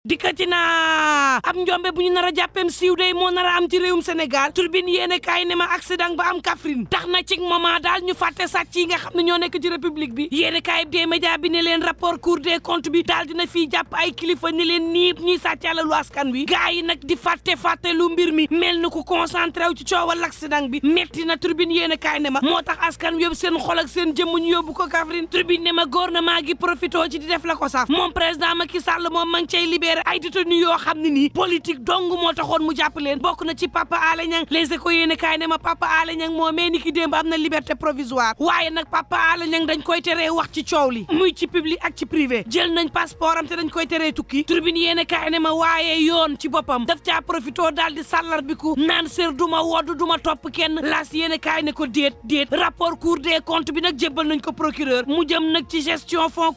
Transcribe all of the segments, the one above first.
dikkati naa ab njombe bu ñu nar a jàppem siiw dey moo nar am ci réewum senegal turbine yéene kaay ne ma accident ba am Kaffrine tax na ci moment daal ñu fàtte sàcc yi nga xam ne ñoo nekk ci république bi yéene kaay bi média bi ne leen rapport cour des bi daal dina fiy jàpp ay kilifa ni leen nii ñuy sàcc alalu askan wi gars yi nag di fàtte fàtte lu mbir mi mel na ko concentré wu ci coowal accident bi metti na turbine yéene kaay ne ma moo tax askan yóbbu seen xol ak seen jëmm ñu yóbbu ko Kaffrine turbine ne ma gouvernement gi profito ci di def la ko saaf moom président Macky Sall moom ma ngi cay libéré ay détenus yoo xam ne nii politique dong moo taxoon mu jàpp leen bokk na ci Papa Alé Niang Les Échos yéene kaay ma Papa Alé Niang moo mee ni ki démb am na liberté provisoire waaye nag Papa Alé Niang dañ koy teree wax ci coow li muy ci public ak ci privé jël nañ passeport am te dañ koy teree tukki tribune yéene kaay ma waaye yoon ci boppam daf caa profitoo daal di sàllar bi ku naan sër duma wodd duma topp kenn laas yéene kaay ne ko déet déet rapport cour des comptes bi nag jébbal nañ ko procureur mu jëm nag ci gestion fonds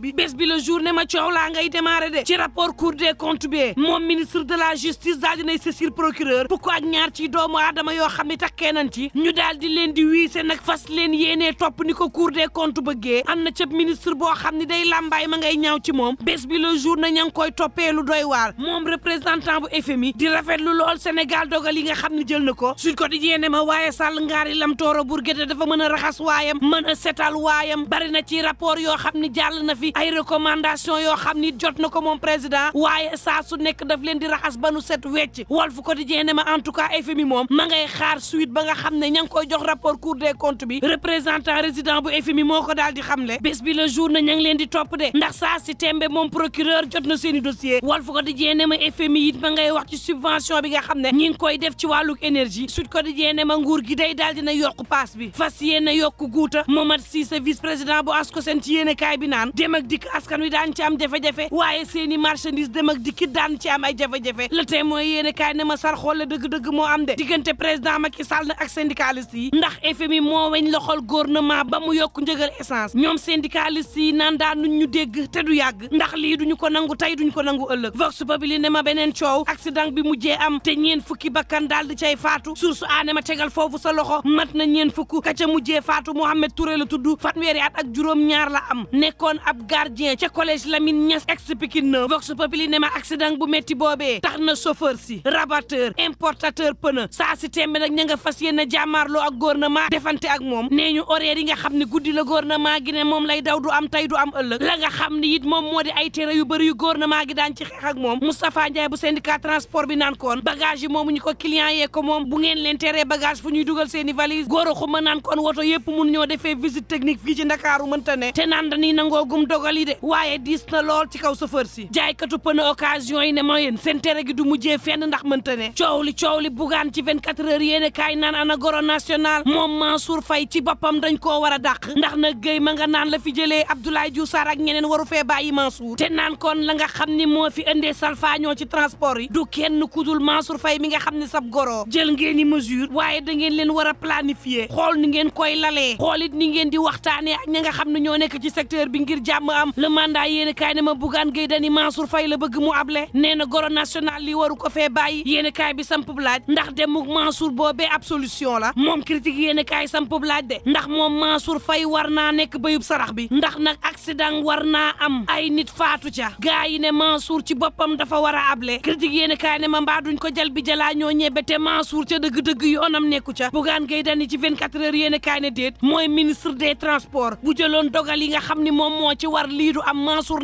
bi bés bi la ma coow laa rapport cour des moom ministre de la justice daal dinay saisir procureur fukk ak ñaar ci doomu aadama yoo xam ne takkee nañ ci ñu daal di leen di wiise nag fas leen yéenee topp ni ko cour des comptes bëggee am na cëb ministre boo xam ne day lambaay ma ngay ñaw ci moom bes bi le jour na ña ngi koy toppee doy waar moom représentant bu FMI di rafet lu lool Sénégal dogal yi nga xam ne jël na ko suñ ko di yéene ma waaye sàll ngaari lam tooro Bourguette dafa mën a raxas waayam mën a setal waayam bari na ci rapport yoo xam ne jàll na fi ay recommandation yoo xam ni jot na ko moom président président waaye saa nekk daf leen di raxas ba nu set wecc ko Quotidien ne ma en tout cas FMI moom ma xaar suite ba nga xam ne ña ngi koy jox rapport Cour des comptes bi représentant résident bu FMI moo ko daal di xamle bés bi le jour na ña ngi leen di topp de ndax saa si tembe moom procureur jot na seen i dossier Walf Quotidien ne ma FMI it ma ngay wax ci subvention bi nga xam ne ñi ngi koy def ci wàlluk énergie Sud Quotidien ne ma nguur gi day daal na yokk paas bi fas yéene yokk guuta Momad Cissé vice président bu ASCOSEN ci yéene kaay bi naan dem ak dikk askan wi daan ci am jafe marchandise dem ak dikki daan ci am ay jafe-jafe le témoin yéene kaay ma sar dëgg-dëgg moo am de diggante président Macky Sall na ak syndicaliste yi ndax FMI moo weñ loxol gouvernement ba mu yokk njëgal essence ñoom syndicaliste yi naan daan nuñ ñu dégg te du yàgg ndax lii duñu ko nangu tey duñu ko nangu ëllëg vox populi ne ma beneen coow accident bi mujjee am te ñeen fukki bakkan daal di cay faatu source aane ma tegal foofu sa loxo mat na ñeen fukk ka ca mujjee faatu Mohamed Touré la tudd fanweeri at ak juróom ñaar la am nekkoon ab gardien ca collège Lamine Niass ex vox populi ne ma accident bu métti boobee tax na chauffeur si rabatteur importateur pneu saa si tembe nag ña nga fas yéene jàmmaarloo ak góor gouvernement defante ak moom nee ñu horaire yi nga xam ne guddi la góor maa gi ne moom lay daw du am tey du am ëllëg la nga xam ne it moom moo di ay tere yu bëri yu gouvernement gi daan ci xeex ak moom Moustapha Ndiaye bu syndicat transport bi naan koon bagage yi moomu ñu ko client yee ko moom bu ngeen leen teree bagage fu ñuy dugal seeni valise góor a woto yëpp mun ñoo defee visite technique fii ci Ndakaaru mënta te naan dañuy nangoo gum dogal yi de waaye diis lool ci kaw chauffeur si jaay jaaykatu pën occasion yi ne ma yéen seen gi du mujjee fenn ndax man ne coow li coow li bugaan ci 24 heures yéen kaay naan ana goro national moom Mansour fay ci boppam dañ koo war a dàq ndax nag géy ma nga naan la fi jëlee Abdoulaye Diouf Sarr ak ñeneen waru fee bàyyi Mansour te naan kon la nga xam ni moo fi indee ñoo ci transport yi du kenn kudul Mansour fay mi nga xam ne sab goro jël ngeen i mesure waaye da ngeen leen war a planifier xool ni ngeen koy lalee xool it ni ngeen di waxtaanee ak ña nga xam ne ñoo nekk ci secteur bi ngir jàmm am le mandat yéen kaay ne ma Mansour Faye la bëgg mu able nee na goro national li waru ko fee bàyyi yéen kaay bi samp laaj ndax demuk Mansour boobee ab solution la moom critique yéen kaay samp laaj de ndax moom Mansour fay war naa nekk béyub sarax bi ndax nag accident war naa am ay nit faatu ca gaa yi ne Mansour ci boppam dafa war a able critique yéen kaay ne ma mbaa duñ ko jal bi jalaa ñoo ñebe te Mansour ca dëgg-dëgg yoonam nekku ca bugaan gay dani ci 24 heures yéen kaay ne déet mooy ministre des transports bu jëloon dogal yi nga xam ni moom moo ci war lii am Mansour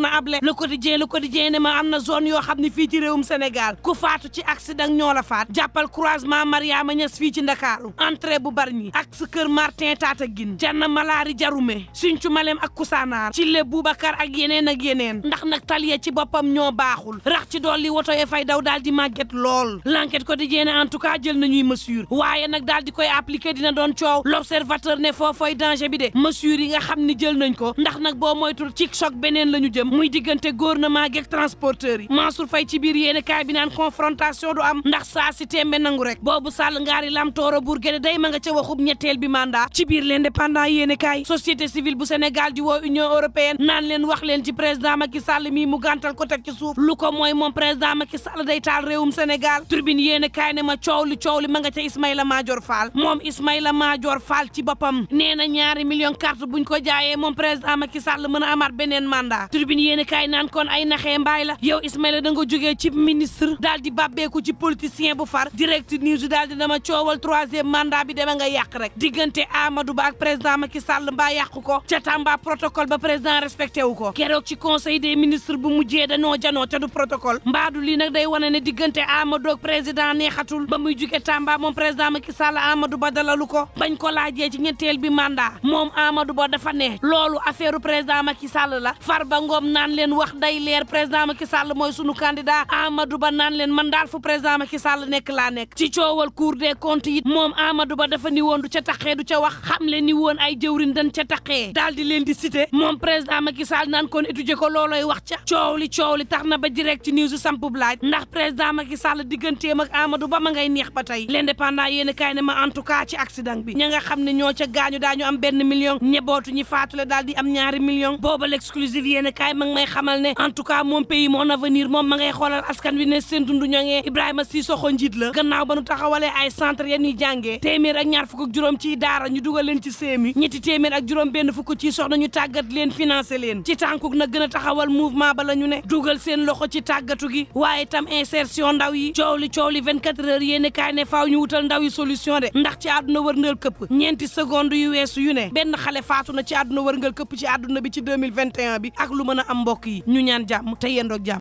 quotidien ne ma am na zone yoo xam ne fii ci réewum Sénégal ku faatu ci accident ñoo la faat jàppal croisement Mariama Niass fii ci Ndakaaru entrée bu bari ñi ak sa kër Martin Tataguine janna malaari jarume Sinthiou Malem ak Kousanaar ci le Boubacar ak yeneen ak yeneen ndax nag taliya ci boppam ñoo baaxul rax ci dolli woto ya fay daw daal di màgget lool l'enquête quotidien ne en tout cas jël nañuy mesure waaye nag daal di koy appliquer dina doon coow l'observateur ne foofooy danger bi de mesure yi nga xam ne jël nañ ko ndax nag boo moytul ci choc beneen la ñu jëm muy diggante gouvernement geeg transporteurs yi Mansour Faye ci biir yéene kaay bi naan confrontation du am ndax saa si tembe nangu rek boobu sàll ngaari lam tooro bur géde day ma nga ca waxub ñetteel bi mandat ci biir l'indépendant yéene kaay société civile bu Sénégal di woo Union européenne naan leen wax leen ci président Macky Sall mii mu gàntal ko teg ci suuf lu ko mooy moom président Macky Sall day taal réewum Sénégal tribune yéene kaay ne ma coow li coow li ma nga ca Ismaïla Madior Fall moom Ismaïla Madior Fall ci boppam nee na ñaari million carte buñ ko jaayee moom président Macky Sall mën a amaat beneen mandat tribune ay naxee mbaay la yow Ismaïla da nga jógee ci ministre daal di bàbbeeku ci politicien bu far direct news daal dama coowal troisième mandat bi deme nga yàq rek diggante Amadou Ba ak président Macky mbaa yàq ko ca Tamba protocole ba président respecté wu ko keroog ci conseil des ministres bu mujjee danoo janoo ca du protocole mbaadu lii nag day wane ne diggante Amadou ak président neexatul ba muy jóge Tamba moom président Macky Sall Amadou Ba dalalu ko bañ ko laajee ci ñetteel bi mandat moom Amadou Ba dafa ne loolu affaire président Macky Sall la Farba Ngom naan leen wax day leer président président Macky Sall mooy sunu candidat Amadou Ba naan leen man daal fu président Macky Sall nekk laa nekk ci coowal cour des comptes yi moom Amadou Ba defa ni woon du ca taxee du ca wax xam leen ni woon ay jëwriñ dañ ca taxee daal di leen di cité moom président Macky Sall naan kon étudier ko loolooy wax ca coow li coow tax na ba direct ci news sampub laaj ndax président Macky Sall digganteem ak Amadou Ba ma ngay neex ba tey l'indépendant yéen kaay ne ma en tout cas ci bi ña nga xam ñoo ca gaañu daañu am benn million ñebootu ñi faatule daal di am ñaari million booba l'exclusive yéen kaay ma ngi may xamal ne mon pays mon avenir moom ma ngay xoolal askan wi ne seen dund ñoŋee Ibrahima Sissoko njiit la gannaaw ba nu taxawalee ay centre ya ñuy jàngee téeméer ak ñaar fukk ak juróom ciy daara ñu dugal leen ci séemi ñetti téeméer ak juróom benn fukk ciy soxna ñu tàggat leen financé leen ci tànkuk na gën a taxawal mouvement ba la ñu ne dugal seen loxo ci tàggatu gi waaye tam insertion ndaw yi coow li coow li 24 heures yéeni kaay ne faaw ñu wutal ndaw yi solution de ndax ci àdduna wërngal këpp ñeenti seconde weesu yu ne benn xale faatu na ci àdduna wërngal këpp ci àdduna bi ci 2021 bi ak lu mën a am mbokk yi ñu ñaan jàmm xëyandoog jàmm